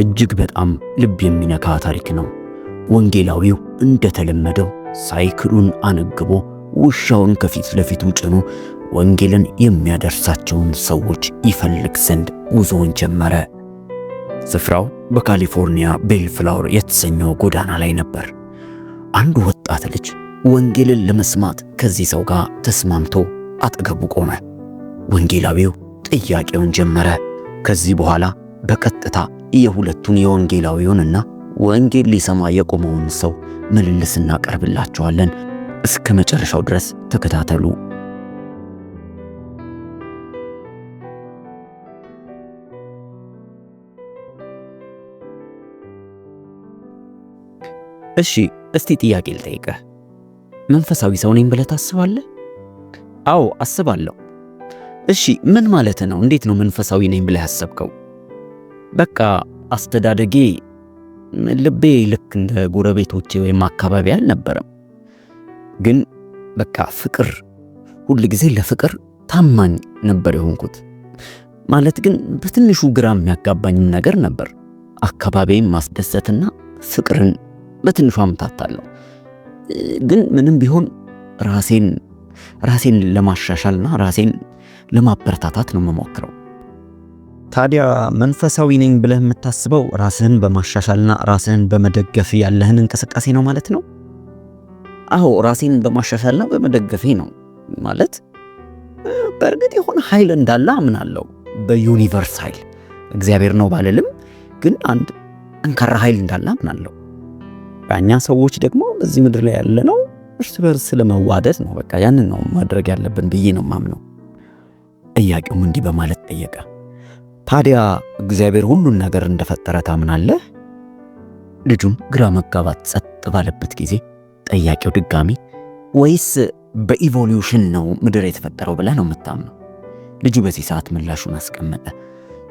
እጅግ በጣም ልብ የሚነካ ታሪክ ነው። ወንጌላዊው እንደተለመደው ሳይክሉን አነግቦ ውሻውን ከፊት ለፊቱ ጭኖ ወንጌልን የሚያደርሳቸውን ሰዎች ይፈልግ ዘንድ ጉዞውን ጀመረ። ስፍራው በካሊፎርኒያ ቤልፍላወር የተሰኘው ጎዳና ላይ ነበር። አንድ ወጣት ልጅ ወንጌልን ለመስማት ከዚህ ሰው ጋር ተስማምቶ አጠገቡ ቆመ። ወንጌላዊው ጥያቄውን ጀመረ። ከዚህ በኋላ በቀጥታ የሁለቱን የወንጌላዊውንና ወንጌል ሊሰማ የቆመውን ሰው ምልልስ እናቀርብላችኋለን። እስከ መጨረሻው ድረስ ተከታተሉ። እሺ፣ እስቲ ጥያቄ ልጠይቅህ። መንፈሳዊ ሰው ነኝ ብለህ ታስባለህ? አዎ አስባለሁ። እሺ፣ ምን ማለት ነው? እንዴት ነው መንፈሳዊ ነኝ ብለህ ያሰብከው? በቃ አስተዳደጌ ልቤ ልክ እንደ ጎረቤቶቼ ወይም አካባቢ አልነበረም። ግን በቃ ፍቅር ሁል ጊዜ ለፍቅር ታማኝ ነበር የሆንኩት። ማለት ግን በትንሹ ግራ የሚያጋባኝም ነገር ነበር። አካባቢን ማስደሰትና ፍቅርን በትንሹ አምታታለሁ። ግን ምንም ቢሆን ራሴን ራሴን ለማሻሻልና ራሴን ለማበረታታት ነው የምሞክረው። ታዲያ መንፈሳዊ ነኝ ብለህ የምታስበው ራስህን በማሻሻልና ራስህን በመደገፍ ያለህን እንቅስቃሴ ነው ማለት ነው። አዎ ራሴን በማሻሻልና በመደገፌ ነው ማለት በእርግጥ የሆነ ኃይል እንዳለ አምናለሁ። በዩኒቨርስ ኃይል እግዚአብሔር ነው ባልልም፣ ግን አንድ ጠንካራ ኃይል እንዳለ አምናለሁ። እኛ ሰዎች ደግሞ በዚህ ምድር ላይ ያለ ነው እርስ በርስ ለመዋደድ ነው። በቃ ያንን ነው ማድረግ ያለብን ብዬ ነው ማምነው። ጥያቄውም እንዲህ በማለት ጠየቀ። ታዲያ እግዚአብሔር ሁሉን ነገር እንደፈጠረ ታምናለህ? ልጁም ግራ መጋባት ጸጥ ባለበት ጊዜ ጠያቂው ድጋሚ ወይስ በኢቮሉሽን ነው ምድር የተፈጠረው ብለህ ነው የምታምነው? ልጁ በዚህ ሰዓት ምላሹን አስቀመጠ።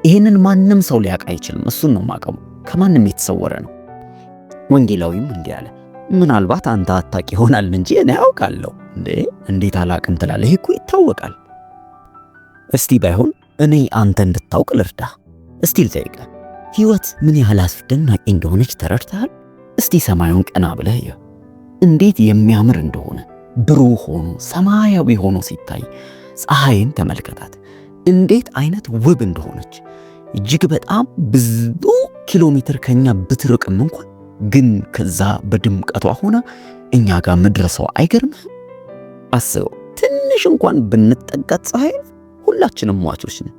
ይህንን ማንም ሰው ሊያውቅ አይችልም። እሱን ነው ማቀሙ፣ ከማንም የተሰወረ ነው። ወንጌላዊም እንዲህ አለ፣ ምናልባት አንተ አታውቅ ይሆናል እንጂ እኔ አውቃለሁ። እንዴ እንዴት አላውቅም ትላለህ? ይህ እኮ ይታወቃል። እስቲ ባይሆን እኔ አንተ እንድታውቅ ልርዳ። እስቲ ልጠይቀ ህይወት ምን ያህል አስደናቂ እንደሆነች ተረድተሃል? እስቲ ሰማዩን ቀና ብለህ እንዴት የሚያምር እንደሆነ ብሩህ ሆኖ ሰማያዊ ሆኖ ሲታይ፣ ፀሐይን ተመልከታት እንዴት አይነት ውብ እንደሆነች። እጅግ በጣም ብዙ ኪሎ ሜትር ከኛ ብትርቅም እንኳን ግን ከዛ በድምቀቷ ሆና እኛ ጋር መድረሰው አይገርምህም? አስበው ትንሽ እንኳን ብንጠጋት ፀሐይ። ሁላችንም ሟቾች ነን።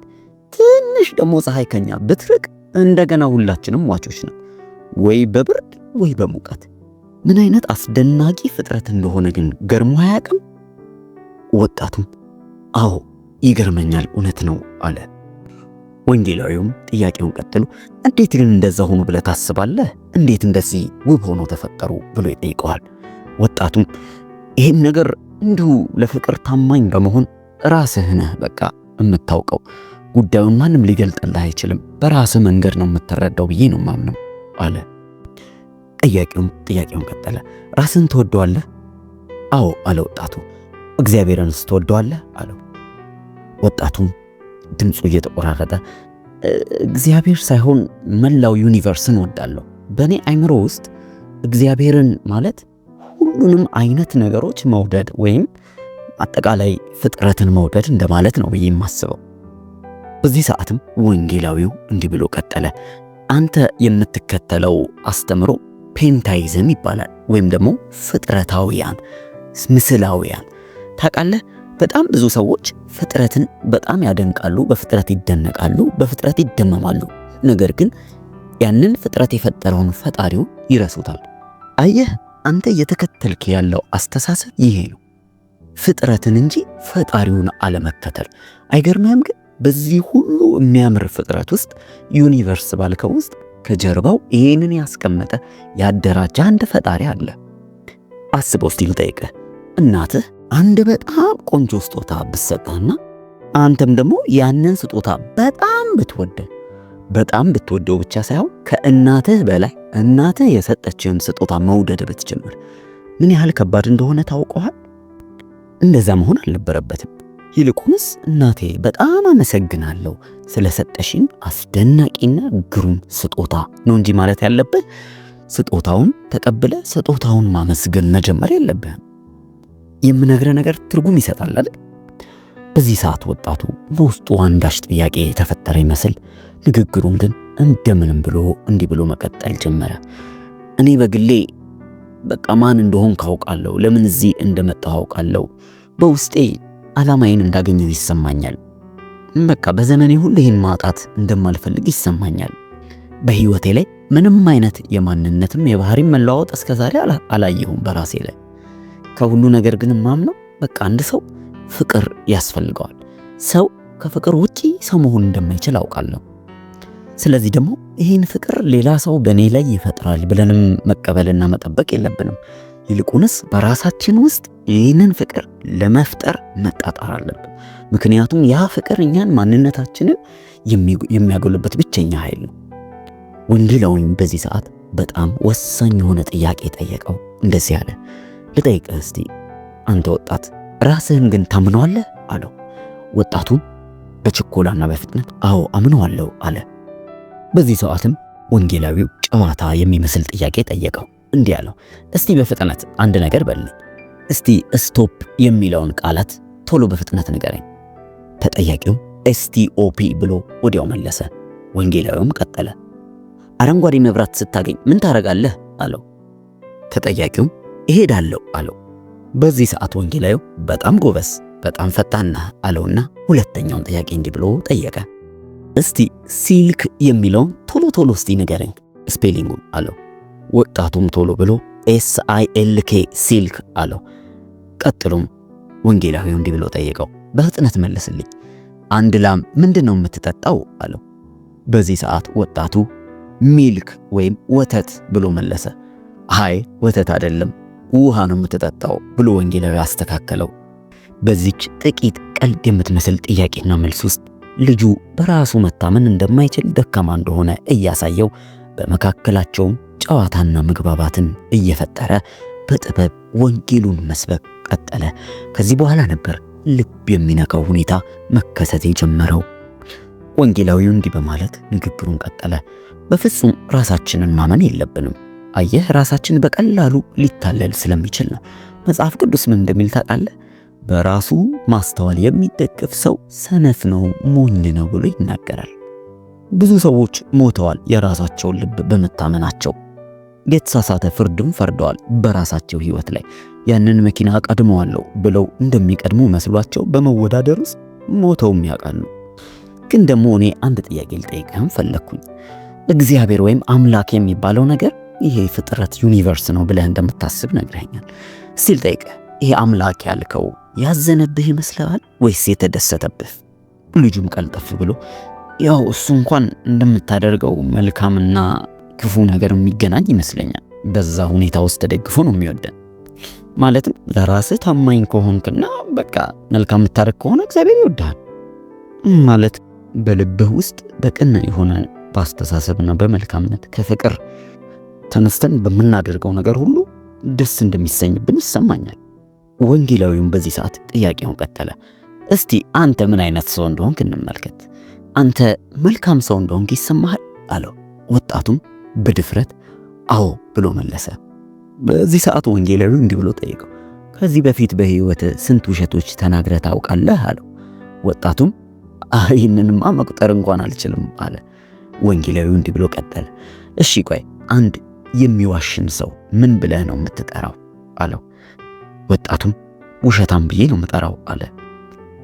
ትንሽ ደግሞ ፀሐይ ከኛ ብትርቅ እንደገና ሁላችንም ሟቾች ነን፣ ወይ በብርድ ወይ በሙቀት። ምን አይነት አስደናቂ ፍጥረት እንደሆነ ግን ገርሞ አያውቅም? ወጣቱም አዎ ይገርመኛል፣ እውነት ነው አለ። ወንጌላዊውም ጥያቄውን ቀጥሎ እንዴት ግን እንደዛ ሆኑ ብለህ ታስባለህ? እንዴት እንደዚህ ውብ ሆኖ ተፈጠሩ ብሎ ይጠይቀዋል። ወጣቱም ይህም ነገር እንዲሁ ለፍቅር ታማኝ በመሆን ራስህ ነህ በቃ የምታውቀው። ጉዳዩን ማንም ሊገልጥልህ አይችልም። በራስ መንገድ ነው የምትረዳው ብዬ ነው ማምነው አለ። ጥያቄውም ጥያቄውን ቀጠለ። ራስን ትወደዋለህ? አዎ አለ ወጣቱ። እግዚአብሔርንስ ትወደዋለህ? አለው። ወጣቱም ድምፁ እየተቆራረጠ እግዚአብሔር ሳይሆን መላው ዩኒቨርስን ወዳለሁ። በእኔ አይምሮ ውስጥ እግዚአብሔርን ማለት ሁሉንም አይነት ነገሮች መውደድ ወይም አጠቃላይ ፍጥረትን መውደድ እንደማለት ነው ብዬ የማስበው። በዚህ ሰዓትም ወንጌላዊው እንዲህ ብሎ ቀጠለ። አንተ የምትከተለው አስተምሮ ፔንታይዝም ይባላል፣ ወይም ደግሞ ፍጥረታውያን ምስላውያን። ታውቃለህ፣ በጣም ብዙ ሰዎች ፍጥረትን በጣም ያደንቃሉ፣ በፍጥረት ይደነቃሉ፣ በፍጥረት ይደመማሉ። ነገር ግን ያንን ፍጥረት የፈጠረውን ፈጣሪውን ይረሱታል። አየህ፣ አንተ እየተከተልክ ያለው አስተሳሰብ ይሄ ነው። ፍጥረትን እንጂ ፈጣሪውን አለመከተል አይገርምህም? ግን በዚህ ሁሉ የሚያምር ፍጥረት ውስጥ ዩኒቨርስ ባልከው ውስጥ ከጀርባው ይህንን ያስቀመጠ ያደራጀ አንድ ፈጣሪ አለ። አስበው እስቲ ልጠይቅህ። እናትህ አንድ በጣም ቆንጆ ስጦታ ብትሰጥህና አንተም ደግሞ ያንን ስጦታ በጣም ብትወደ በጣም ብትወደው ብቻ ሳይሆን ከእናትህ በላይ እናትህ የሰጠችህን ስጦታ መውደድ ብትጀምር ምን ያህል ከባድ እንደሆነ ታውቀዋል? እንደዛ መሆን አልነበረበትም። ይልቁንስ እናቴ በጣም አመሰግናለሁ ስለሰጠሽን አስደናቂና ግሩም ስጦታ ነው እንጂ ማለት ያለብህ ስጦታውን ተቀብለ ስጦታውን ማመስገን መጀመር የለብህም። የምነግረ ነገር ትርጉም ይሰጣል አይደል? በዚህ ሰዓት ወጣቱ በውስጡ አንዳች ጥያቄ የተፈጠረ ይመስል ንግግሩን ግን እንደምንም ብሎ እንዲህ ብሎ መቀጠል ጀመረ። እኔ በግሌ በቃ ማን እንደሆን ካውቃለሁ፣ ለምን እዚህ እንደመጣሁ አውቃለሁ። በውስጤ ዓላማዬን እንዳገኘው ይሰማኛል። በቃ በዘመኔ ሁሉ ይህን ማጣት እንደማልፈልግ ይሰማኛል። በህይወቴ ላይ ምንም አይነት የማንነትም የባህሪ መለዋወጥ እስከዛሬ አላየሁም በራሴ ላይ። ከሁሉ ነገር ግን ማምነው በቃ አንድ ሰው ፍቅር ያስፈልገዋል። ሰው ከፍቅር ውጪ ሰው መሆን እንደማይችል አውቃለሁ። ስለዚህ ደግሞ ይህን ፍቅር ሌላ ሰው በእኔ ላይ ይፈጥራል ብለንም መቀበልና መጠበቅ የለብንም። ይልቁንስ በራሳችን ውስጥ ይህንን ፍቅር ለመፍጠር መጣጣር አለብን። ምክንያቱም ያ ፍቅር እኛን ማንነታችንን የሚያጎልበት ብቸኛ ኃይል ነው። ለውኝ በዚህ ሰዓት በጣም ወሳኝ የሆነ ጥያቄ ጠየቀው። እንደዚህ አለ፣ ልጠይቅህ እስቲ አንተ ወጣት ራስህን ግን ታምነዋለህ? አለው። ወጣቱ በችኮላና በፍጥነት አዎ አምነዋለሁ አለ። በዚህ ሰዓትም ወንጌላዊው ጨዋታ የሚመስል ጥያቄ ጠየቀው። እንዲህ አለው፣ እስቲ በፍጥነት አንድ ነገር በልኝ። እስቲ ስቶፕ የሚለውን ቃላት ቶሎ በፍጥነት ንገረኝ። ተጠያቂውም ኤስቲኦፒ ብሎ ወዲያው መለሰ። ወንጌላዊውም ቀጠለ። አረንጓዴ መብራት ስታገኝ ምን ታደርጋለህ? አለው። ተጠያቂውም እሄዳለሁ አለው። በዚህ ሰዓት ወንጌላዊው በጣም ጎበስ፣ በጣም ፈጣን ነህ አለውና ሁለተኛውን ጥያቄ እንዲህ ብሎ ጠየቀ። እስቲ ሲልክ የሚለውን ቶሎ ቶሎ እስቲ ንገረኝ ስፔሊንጉን አለው። ወጣቱም ቶሎ ብሎ ኤስ አይ ኤል ኬ ሲልክ አለው። ቀጥሎም ወንጌላዊው እንዲህ ብሎ ጠየቀው፣ በፍጥነት መለስልኝ። አንድ ላም ምንድን ነው የምትጠጣው አለው። በዚህ ሰዓት ወጣቱ ሚልክ ወይም ወተት ብሎ መለሰ። አይ ወተት አይደለም ውሃ ነው የምትጠጣው ብሎ ወንጌላዊ አስተካከለው። በዚች ጥቂት ቀልድ የምትመስል ጥያቄና መልስ ውስጥ ልጁ በራሱ መታመን እንደማይችል ደካማ እንደሆነ እያሳየው በመካከላቸውም ጨዋታና መግባባትን እየፈጠረ በጥበብ ወንጌሉን መስበክ ቀጠለ። ከዚህ በኋላ ነበር ልብ የሚነካው ሁኔታ መከሰት የጀመረው። ወንጌላዊው እንዲህ በማለት ንግግሩን ቀጠለ። በፍጹም ራሳችንን ማመን የለብንም። አየህ ራሳችን በቀላሉ ሊታለል ስለሚችል ነው። መጽሐፍ ቅዱስ ምን እንደሚል ታውቃለህ? በራሱ ማስተዋል የሚደገፍ ሰው ሰነፍ ነው፣ ሞኝ ነው ብሎ ይናገራል። ብዙ ሰዎች ሞተዋል የራሳቸውን ልብ በመታመናቸው። የተሳሳተ ፍርድም ፈርደዋል በራሳቸው ህይወት ላይ። ያንን መኪና ቀድመዋለሁ ብለው እንደሚቀድሙ መስሏቸው በመወዳደር ውስጥ ሞተውም ያውቃሉ። ግን ደግሞ እኔ አንድ ጥያቄ ልጠይቅህም ፈለግኩኝ። እግዚአብሔር ወይም አምላክ የሚባለው ነገር ይሄ ፍጥረት ዩኒቨርስ ነው ብለህ እንደምታስብ ነግረኛል። እስቲ ልጠይቅህ፣ ይሄ አምላክ ያልከው ያዘነብህ ይመስለዋል ወይስ የተደሰተብህ? ልጁም ቀልጠፍ ብሎ ያው እሱ እንኳን እንደምታደርገው መልካምና ክፉ ነገር የሚገናኝ ይመስለኛል። በዛ ሁኔታ ውስጥ ተደግፎ ነው የሚወደን። ማለትም ለራስህ ታማኝ ከሆንክና በቃ መልካም የምታደርግ ከሆነ እግዚአብሔር ይወድሃል ማለት በልብህ ውስጥ በቅን የሆነ በአስተሳሰብና በመልካምነት ከፍቅር ተነስተን በምናደርገው ነገር ሁሉ ደስ እንደሚሰኝብን ይሰማኛል። ወንጌላዊውም በዚህ ሰዓት ጥያቄውን ቀጠለ። እስቲ አንተ ምን አይነት ሰው እንደሆንክ እንመልከት። አንተ መልካም ሰው እንደሆንክ ይሰማሃል አለው። ወጣቱም በድፍረት አዎ ብሎ መለሰ። በዚህ ሰዓት ወንጌላዊው እንዲህ ብሎ ጠየቀው፣ ከዚህ በፊት በሕይወት ስንት ውሸቶች ተናግረህ ታውቃለህ? አለው። ወጣቱም ይህንንማ መቁጠር እንኳን አልችልም አለ። ወንጌላዊው እንዲህ ብሎ ቀጠለ፣ እሺ ቆይ አንድ የሚዋሽን ሰው ምን ብለህ ነው የምትጠራው? አለው። ወጣቱም ውሸታም ብዬ ነው የምጠራው አለ።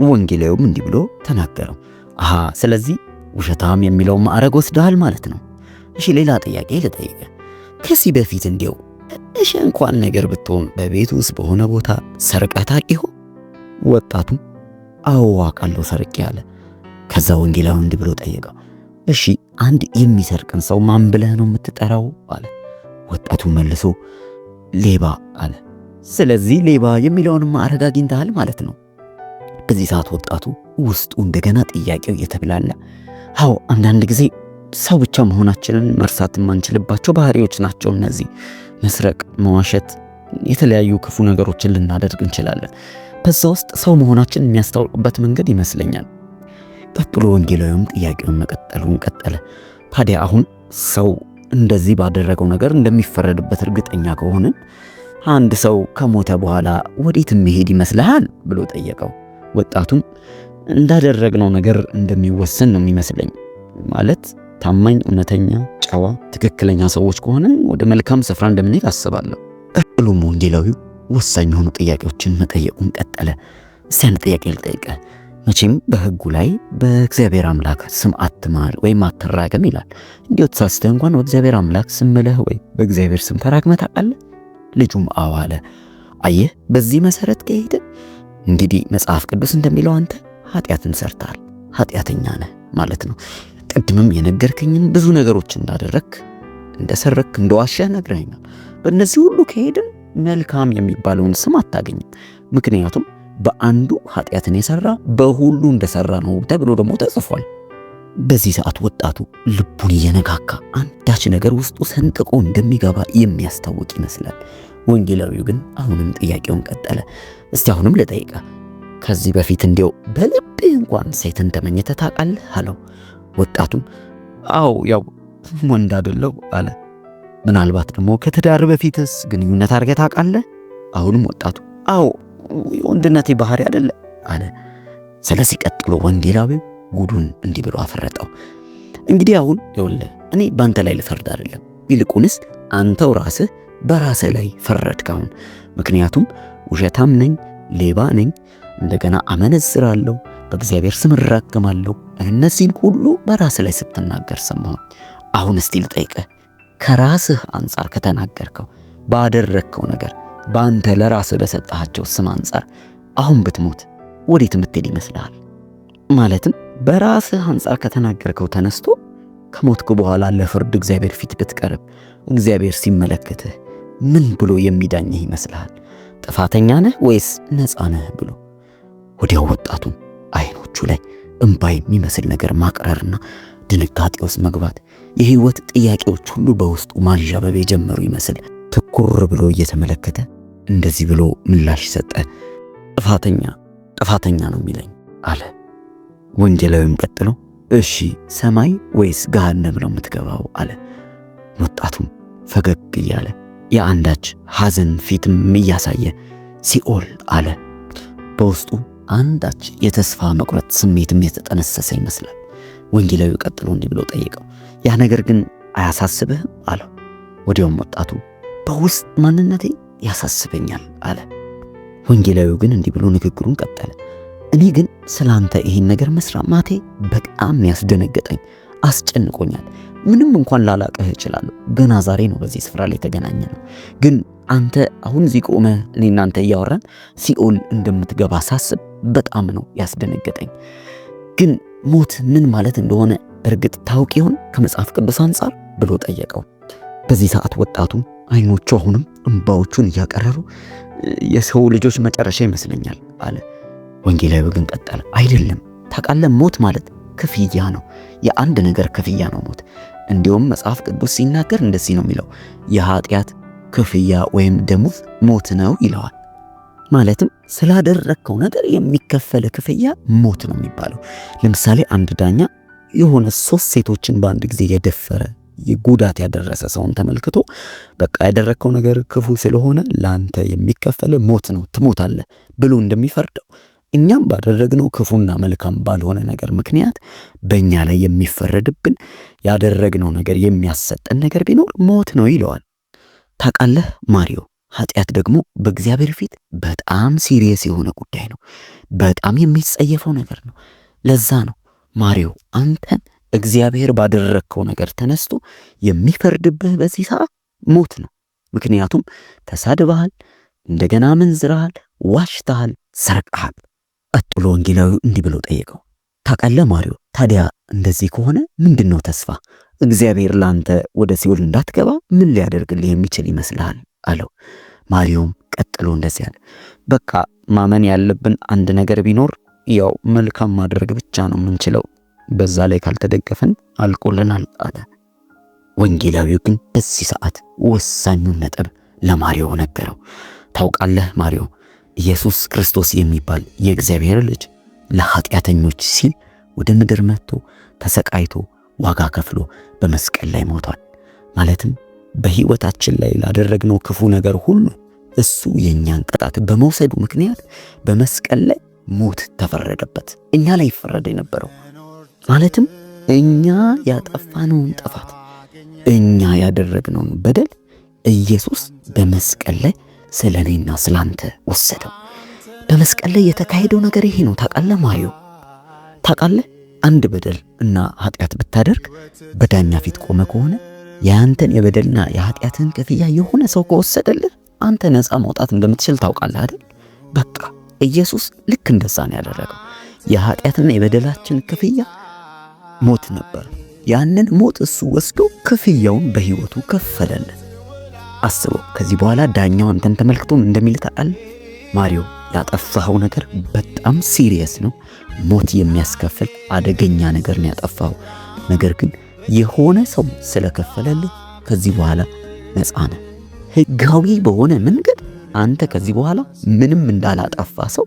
ወንጌላዊውም እንዲህ ብሎ ተናገረው፣ አሃ ስለዚህ ውሸታም የሚለው ማዕረግ ወስደሃል ማለት ነው። እሺ ሌላ ጥያቄ ልጠይቀ ከዚህ በፊት እንዲው እሺ እንኳን ነገር ብትሆን በቤት ውስጥ በሆነ ቦታ ሰርቀ ታቂ ሆ? ወጣቱም አዎ አውቃለሁ ሰርቄ አለ። ከዛ ወንጌላዊው እንዲህ ብሎ ጠየቀው፣ እሺ አንድ የሚሰርቅን ሰው ማን ብለህ ነው የምትጠራው? አለ። ወጣቱ መልሶ ሌባ አለ። ስለዚህ ሌባ የሚለውንም ማዕረግ አግኝተሃል ማለት ነው። በዚህ ሰዓት ወጣቱ ውስጡ እንደገና ጥያቄው እየተብላለ አዎ፣ አንዳንድ ጊዜ ሰው ብቻ መሆናችንን መርሳት የማንችልባቸው ባህሪዎች ናቸው እነዚህ። መስረቅ፣ መዋሸት፣ የተለያዩ ክፉ ነገሮችን ልናደርግ እንችላለን። በዛ ውስጥ ሰው መሆናችን የሚያስታውቅበት መንገድ ይመስለኛል። ቀጥሎ ወንጌላዊውም ጥያቄውን መቀጠሉን ቀጠለ። ታዲያ አሁን ሰው እንደዚህ ባደረገው ነገር እንደሚፈረድበት እርግጠኛ ከሆንን አንድ ሰው ከሞተ በኋላ ወዴት መሄድ ይመስልሃል ብሎ ጠየቀው። ወጣቱም እንዳደረግነው ነገር እንደሚወሰን ነው የሚመስለኝ ማለት ታማኝ፣ እውነተኛ፣ ጨዋ፣ ትክክለኛ ሰዎች ከሆነ ወደ መልካም ስፍራ እንደምንሄድ አስባለሁ። እቅሉም ወንጌላዊው ወሳኝ የሆኑ ጥያቄዎችን መጠየቁን ቀጠለ። እስቲ ጥያቄ ልጠይቀ። መቼም በህጉ ላይ በእግዚአብሔር አምላክ ስም አትማል ወይም አትራገም ይላል። እንዲሁ ተሳስተህ እንኳን በእግዚአብሔር አምላክ ስም ምለህ ወይ በእግዚአብሔር ስም ተራግመህ ታውቃለህ? ልጁም አዎ አለ። አየህ፣ በዚህ መሰረት ከሄደ እንግዲህ መጽሐፍ ቅዱስ እንደሚለው አንተ ኃጢአትን ሰርታል፣ ኃጢአተኛ ነህ ማለት ነው። ቅድምም የነገርከኝን ብዙ ነገሮች እንዳደረክ፣ እንደሰረክ፣ እንደዋሸህ ነግረኛል። በእነዚህ ሁሉ ከሄድን መልካም የሚባለውን ስም አታገኝም። ምክንያቱም በአንዱ ኃጢአትን የሰራ በሁሉ እንደሰራ ነው ተብሎ ደግሞ ተጽፏል። በዚህ ሰዓት ወጣቱ ልቡን እየነካካ አንዳች ነገር ውስጡ ሰንጥቆ እንደሚገባ የሚያስታውቅ ይመስላል። ወንጌላዊው ግን አሁንም ጥያቄውን ቀጠለ። እስቲ አሁንም ልጠይቀ ከዚህ በፊት እንዲያው በልቤ እንኳን ሴትን ተመኝተህ ታውቃለህ? አለው። ወጣቱም አዎ ያው ወንድ አይደለሁ አለ። ምናልባት ደግሞ ከትዳር በፊትስ ግንኙነት አድርገህ ታውቃለህ? አሁንም ወጣቱ አዎ የወንድነቴ ባህሪ አይደለ አለ። ስለዚህ ቀጥሎ ወንጌላዊው ጉዱን እንዲህ ብሎ አፈረጠው። እንግዲህ አሁን ይኸውልህ እኔ በአንተ ላይ ልፈርድ አይደለም፣ ይልቁንስ አንተው ራስህ በራስ ላይ ፈረድከውን። ምክንያቱም ውሸታም ነኝ፣ ሌባ ነኝ፣ እንደገና አመነዝራለሁ፣ በእግዚአብሔር ስም እራገማለሁ። እነዚህን ሁሉ በራስ ላይ ስትናገር ሰማሁን። አሁን እስቲ ልጠይቅህ፣ ከራስህ አንጻር ከተናገርከው ባደረግከው ነገር በአንተ ለራስህ በሰጠሃቸው ስም አንጻር አሁን ብትሞት ወዴት የምትሄድ ይመስልሃል? ማለትም በራስህ አንጻር ከተናገርከው ተነስቶ ከሞትኩ በኋላ ለፍርድ እግዚአብሔር ፊት ብትቀርብ እግዚአብሔር ሲመለከትህ ምን ብሎ የሚዳኝህ ይመስልሃል? ጥፋተኛ ነህ ወይስ ነፃ ነህ ብሎ ወዲያው ወጣቱ አይኖቹ ላይ እምባ የሚመስል ነገር ማቅረርና ድንጋጤ ውስጥ መግባት የህይወት ጥያቄዎች ሁሉ በውስጡ ማንዣበብ የጀመሩ ይመስል ትኩር ብሎ እየተመለከተ እንደዚህ ብሎ ምላሽ ሰጠ። ጥፋተኛ ጥፋተኛ ነው የሚለኝ አለ። ወንጀላዊም ቀጥሎ እሺ ሰማይ ወይስ ገሃነም ነው የምትገባው አለ። ወጣቱም ፈገግ እያለ የአንዳች ሐዘን ፊትም እያሳየ ሲኦል አለ። በውስጡ አንዳች የተስፋ መቁረጥ ስሜትም የተጠነሰሰ ይመስላል። ወንጌላዊ ቀጥሎ እንዲህ ብሎ ጠየቀው፣ ያ ነገር ግን አያሳስብህም አለው። ወዲያውም ወጣቱ በውስጥ ማንነቴ ያሳስበኛል አለ። ወንጌላዊ ግን እንዲህ ብሎ ንግግሩን ቀጠለ፣ እኔ ግን ስላንተ ይህን ነገር መስራማቴ በጣም ያስደነገጠኝ አስጨንቆኛል ምንም እንኳን ላላቀህ እችላለሁ። ገና ዛሬ ነው በዚህ ስፍራ ላይ የተገናኘ ነው። ግን አንተ አሁን እዚህ ቆመ እኔ እናንተ እያወራን ሲኦል እንደምትገባ ሳስብ በጣም ነው ያስደነገጠኝ። ግን ሞት ምን ማለት እንደሆነ እርግጥ ታውቅ ይሆን ከመጽሐፍ ቅዱስ አንጻር ብሎ ጠየቀው። በዚህ ሰዓት ወጣቱ አይኖቹ አሁንም እንባዎቹን እያቀረሩ የሰው ልጆች መጨረሻ ይመስለኛል አለ። ወንጌላዊ ግን ቀጠለ፣ አይደለም ታውቃለህ፣ ሞት ማለት ክፍያ ነው፣ የአንድ ነገር ክፍያ ነው ሞት። እንዲሁም መጽሐፍ ቅዱስ ሲናገር እንደዚህ ነው የሚለው የኃጢአት ክፍያ ወይም ደሞዝ ሞት ነው ይለዋል። ማለትም ስላደረግከው ነገር የሚከፈል ክፍያ ሞት ነው የሚባለው። ለምሳሌ አንድ ዳኛ የሆነ ሶስት ሴቶችን በአንድ ጊዜ የደፈረ ጉዳት ያደረሰ ሰውን ተመልክቶ በቃ ያደረግከው ነገር ክፉ ስለሆነ ለአንተ የሚከፈል ሞት ነው ትሞታለህ ብሎ እንደሚፈርደው እኛም ባደረግነው ክፉና መልካም ባልሆነ ነገር ምክንያት በእኛ ላይ የሚፈረድብን ያደረግነው ነገር የሚያሰጠን ነገር ቢኖር ሞት ነው ይለዋል። ታውቃለህ ማሪዮ፣ ኃጢአት ደግሞ በእግዚአብሔር ፊት በጣም ሲሪየስ የሆነ ጉዳይ ነው። በጣም የሚጸየፈው ነገር ነው። ለዛ ነው ማሪዮ አንተን እግዚአብሔር ባደረግከው ነገር ተነስቶ የሚፈርድብህ በዚህ ሰዓት ሞት ነው። ምክንያቱም ተሳድበሃል፣ እንደገና ምንዝረሃል፣ ዋሽተሃል፣ ሰርቀሃል። ቀጥሎ ወንጌላዊ እንዲህ ብሎ ጠየቀው፣ ታውቃለህ ማሪዮ፣ ታዲያ እንደዚህ ከሆነ ምንድን ነው ተስፋ? እግዚአብሔር ላንተ ወደ ሲኦል እንዳትገባ ምን ሊያደርግልህ የሚችል ይመስልሃል? አለው። ማሪዮም ቀጥሎ እንደዚህ አለ፣ በቃ ማመን ያለብን አንድ ነገር ቢኖር ያው መልካም ማድረግ ብቻ ነው የምንችለው፣ በዛ ላይ ካልተደገፈን አልቆልናል አለ። ወንጌላዊው ግን በዚህ ሰዓት ወሳኙን ነጥብ ለማሪዮ ነገረው። ታውቃለህ ማሪዮ ኢየሱስ ክርስቶስ የሚባል የእግዚአብሔር ልጅ ለኃጢአተኞች ሲል ወደ ምድር መጥቶ ተሰቃይቶ ዋጋ ከፍሎ በመስቀል ላይ ሞቷል። ማለትም በሕይወታችን ላይ ላደረግነው ክፉ ነገር ሁሉ እሱ የእኛን ቅጣት በመውሰዱ ምክንያት በመስቀል ላይ ሞት ተፈረደበት። እኛ ላይ ይፈረድ የነበረው ማለትም እኛ ያጠፋነውን ጥፋት፣ እኛ ያደረግነውን በደል ኢየሱስ በመስቀል ላይ ስለ እኔና ስለ አንተ ወሰደው። በመስቀል ላይ የተካሄደው ነገር ይሄ ነው። ታውቃለህ ማዩ፣ ታውቃለህ አንድ በደል እና ኃጢአት ብታደርግ በዳኛ ፊት ቆመ ከሆነ የአንተን የበደልና የኃጢአትን ክፍያ የሆነ ሰው ከወሰደልህ አንተ ነፃ መውጣት እንደምትችል ታውቃለህ አይደል? በቃ ኢየሱስ ልክ እንደዛ ነው ያደረገው። የኃጢአትና የበደላችን ክፍያ ሞት ነበር። ያንን ሞት እሱ ወስዶ ክፍያውን በሕይወቱ ከፈለልን። አስበው። ከዚህ በኋላ ዳኛው አንተን ተመልክቶ እንደሚል ታውቃል፣ ማሪዮ ያጠፋኸው ነገር በጣም ሲሪየስ ነው፣ ሞት የሚያስከፍል አደገኛ ነገር ነው ያጠፋው። ነገር ግን የሆነ ሰው ስለከፈለልህ ከዚህ በኋላ ነፃ ነህ። ህጋዊ በሆነ መንገድ አንተ ከዚህ በኋላ ምንም እንዳላጠፋ ሰው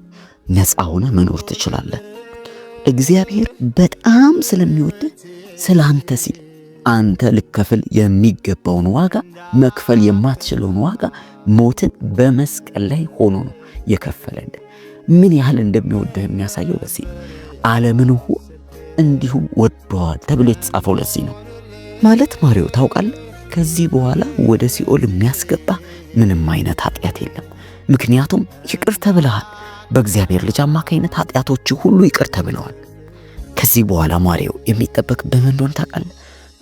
ነፃ ሆነ መኖር ትችላለህ። እግዚአብሔር በጣም ስለሚወድህ ስለ አንተ ሲል አንተ ልከፍል የሚገባውን ዋጋ መክፈል የማትችለውን ዋጋ ሞትን በመስቀል ላይ ሆኖ ነው የከፈለልን። ምን ያህል እንደሚወድህ የሚያሳየው ለዚህ ዓለምን ሁሉ እንዲሁም ወደዋል ተብሎ የተጻፈው ለዚህ ነው። ማለት ማሪዮ ታውቃለህ፣ ከዚህ በኋላ ወደ ሲኦል የሚያስገባ ምንም አይነት ኃጢአት የለም። ምክንያቱም ይቅር ተብለሃል። በእግዚአብሔር ልጅ አማካኝነት ኃጢአቶች ሁሉ ይቅር ተብለዋል። ከዚህ በኋላ ማሪው የሚጠበቅ በምን እንደሆነ ታውቃለህ?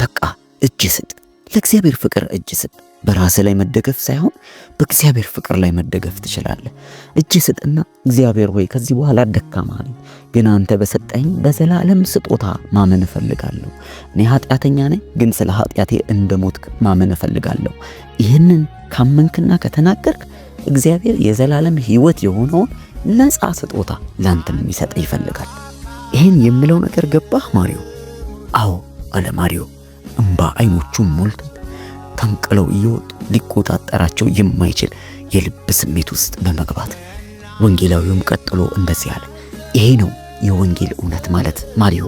በቃ እጅ ስጥ፣ ለእግዚአብሔር ፍቅር እጅ ስጥ። በራስህ ላይ መደገፍ ሳይሆን በእግዚአብሔር ፍቅር ላይ መደገፍ ትችላለህ። እጅ ስጥና እግዚአብሔር ሆይ ከዚህ በኋላ ደካማ ነኝ፣ ግን አንተ በሰጠኝ በዘላለም ስጦታ ማመን እፈልጋለሁ። እኔ ኃጢአተኛ ነኝ፣ ግን ስለ ኃጢአቴ እንደ ሞትክ ማመን እፈልጋለሁ። ይህንን ካመንክና ከተናገርክ እግዚአብሔር የዘላለም ሕይወት የሆነውን ነፃ ስጦታ ላንተ የሚሰጥ ይፈልጋል። ይህን የምለው ነገር ገባህ ማሪዮ? አዎ አለ ማሪዮ። እምባ አይኖቹን ሞልቶ ተንቅለው እየወጡ ሊቆጣጠራቸው የማይችል የልብ ስሜት ውስጥ በመግባት ወንጌላዊውም ቀጥሎ እንደዚህ አለ። ይሄ ነው የወንጌል እውነት ማለት ማሊሆ።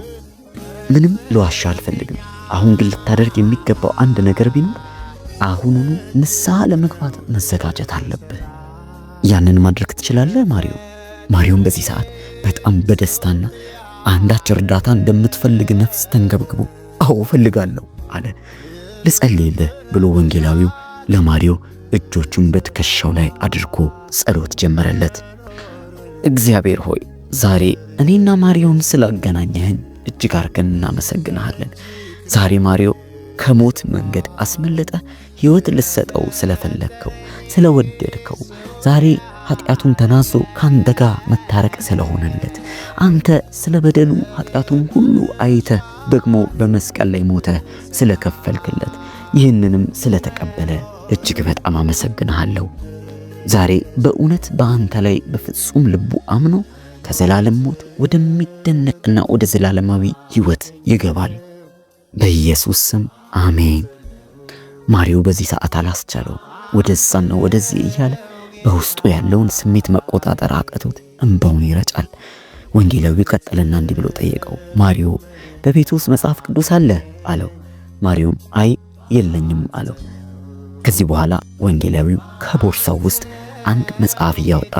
ምንም ልዋሻ አልፈልግም። አሁን ግን ልታደርግ የሚገባው አንድ ነገር ቢኖር አሁኑኑ ንስሐ ለመግባት መዘጋጀት አለብህ። ያንን ማድረግ ትችላለህ ማሪዮ? ማሪዮም በዚህ ሰዓት በጣም በደስታና አንዳች እርዳታ እንደምትፈልግ ነፍስ ተንገብግቦ አዎ እፈልጋለሁ አለ። ልጸልይልህ ብሎ ወንጌላዊው ለማሪዮ እጆቹን በትከሻው ላይ አድርጎ ጸሎት ጀመረለት። እግዚአብሔር ሆይ ዛሬ እኔና ማሪዮን ስላገናኘህን እጅግ አድርገን እናመሰግንሃለን። ዛሬ ማሪዮ ከሞት መንገድ አስመለጠ ሕይወት ልሰጠው ስለፈለግከው ስለወደድከው ዛሬ ኃጢአቱን ተናዞ ካንተ ጋር መታረቅ ስለሆነለት አንተ ስለ በደሉ ኃጢአቱን ሁሉ አይተ ደግሞ በመስቀል ላይ ሞተ ስለከፈልክለት ይህንንም ስለተቀበለ እጅግ በጣም አመሰግንሃለሁ። ዛሬ በእውነት በአንተ ላይ በፍጹም ልቡ አምኖ ከዘላለም ሞት ወደሚደነቅና ወደ ዘላለማዊ ሕይወት ይገባል። በኢየሱስ ስም አሜን። ማሪው በዚህ ሰዓት አላስቻለው፣ ወደዛና ወደዚህ እያለ በውስጡ ያለውን ስሜት መቆጣጠር አቅቶት እንባውን ይረጫል። ወንጌላዊ ቀጠለና እንዲህ ብሎ ጠየቀው፣ ማሪዮ በቤቱ ውስጥ መጽሐፍ ቅዱስ አለ አለው። ማሪዮም አይ የለኝም አለው። ከዚህ በኋላ ወንጌላዊው ከቦርሳው ውስጥ አንድ መጽሐፍ እያወጣ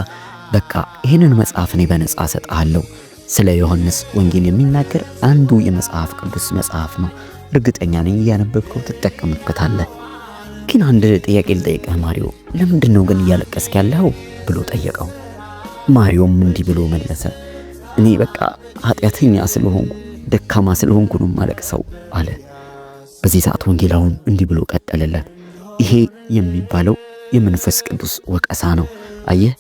በቃ ይህንን መጽሐፍ እኔ በነጻ ሰጥሃለሁ። ስለ ዮሐንስ ወንጌል የሚናገር አንዱ የመጽሐፍ ቅዱስ መጽሐፍ ነው። እርግጠኛ ነኝ እያነበብከው ትጠቀምበታለህ ግን አንድ ጥያቄ ልጠይቅህ ማሪዮ፣ ለምንድን ነው ግን እያለቀስክ ያለው ብሎ ጠየቀው። ማሪዮም እንዲህ ብሎ መለሰ፣ እኔ በቃ ኃጢአተኛ ስለሆንኩ ደካማ ስለሆንኩ ነው የማለቅሰው አለ። በዚህ ሰዓት ወንጌላውን እንዲህ ብሎ ቀጠለለት፣ ይሄ የሚባለው የመንፈስ ቅዱስ ወቀሳ ነው። አየህ፣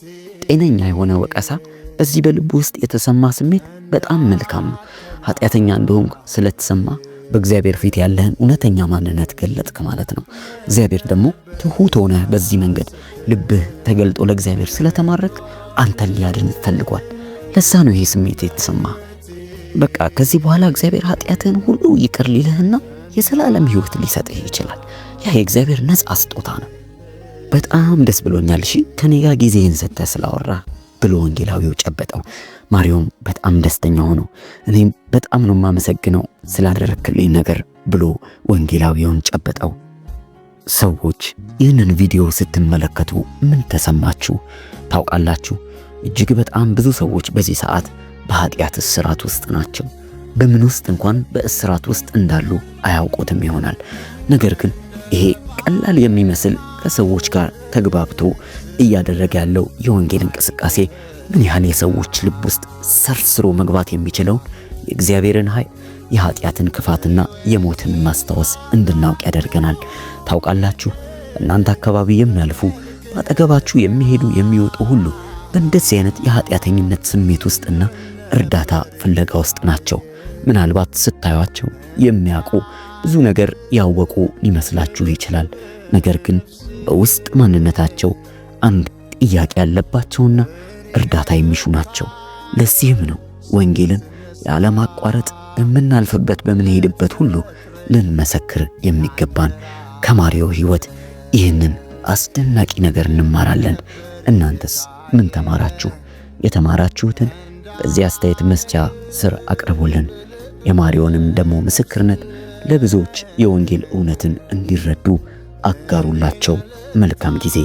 ጤነኛ የሆነ ወቀሳ በዚህ በልብ ውስጥ የተሰማ ስሜት በጣም መልካም ነው። ኃጢአተኛ እንደሆንኩ ስለተሰማ በእግዚአብሔር ፊት ያለህን እውነተኛ ማንነት ገለጥክ ማለት ነው። እግዚአብሔር ደግሞ ትሁት ሆነ በዚህ መንገድ ልብህ ተገልጦ ለእግዚአብሔር ስለተማረክ አንተን ሊያድን ፈልጓል። ለዛ ነው ይሄ ስሜት የተሰማ። በቃ ከዚህ በኋላ እግዚአብሔር ኃጢአትህን ሁሉ ይቅር ሊልህና የዘላለም ህይወት ሊሰጥህ ይችላል። ያ የእግዚአብሔር ነጻ ስጦታ ነው። በጣም ደስ ብሎኛል። እሺ ከኔ ጋር ጊዜህን ሰጥተህ ስላወራ ብሎ ወንጌላዊው ጨበጠው። ማሪዮም በጣም ደስተኛ ሆኖ እኔም በጣም ነው የማመሰግነው ስላደረክልኝ ነገር ብሎ ወንጌላዊውን ጨበጠው። ሰዎች ይህንን ቪዲዮ ስትመለከቱ ምን ተሰማችሁ ታውቃላችሁ? እጅግ በጣም ብዙ ሰዎች በዚህ ሰዓት በኃጢአት እስራት ውስጥ ናቸው። በምን ውስጥ እንኳን በእስራት ውስጥ እንዳሉ አያውቁትም ይሆናል። ነገር ግን ይሄ ቀላል የሚመስል ከሰዎች ጋር ተግባብቶ እያደረገ ያለው የወንጌል እንቅስቃሴ ምን ያህል የሰዎች ልብ ውስጥ ሰርስሮ መግባት የሚችለው የእግዚአብሔርን ኃይል የኃጢአትን ክፋትና የሞትን ማስታወስ እንድናውቅ ያደርገናል። ታውቃላችሁ፣ እናንተ አካባቢ የሚያልፉ በአጠገባችሁ የሚሄዱ የሚወጡ ሁሉ በእንደዚህ አይነት የኃጢአተኝነት ስሜት ውስጥና እርዳታ ፍለጋ ውስጥ ናቸው። ምናልባት ስታዩቸው የሚያውቁ ብዙ ነገር ያወቁ ሊመስላችሁ ይችላል። ነገር ግን በውስጥ ማንነታቸው አንድ ጥያቄ ያለባቸውና እርዳታ የሚሹ ናቸው። ለዚህም ነው ወንጌልን ያለማቋረጥ በምናልፍበት በምንሄድበት ሁሉ ልንመሰክር የሚገባን። ከማሪዮ ሕይወት ይህንን አስደናቂ ነገር እንማራለን። እናንተስ ምን ተማራችሁ? የተማራችሁትን በዚህ አስተያየት መስጫ ስር አቅርቡልን። የማሪዮንም ደግሞ ምስክርነት ለብዙዎች የወንጌል እውነትን እንዲረዱ አጋሩላቸው። መልካም ጊዜ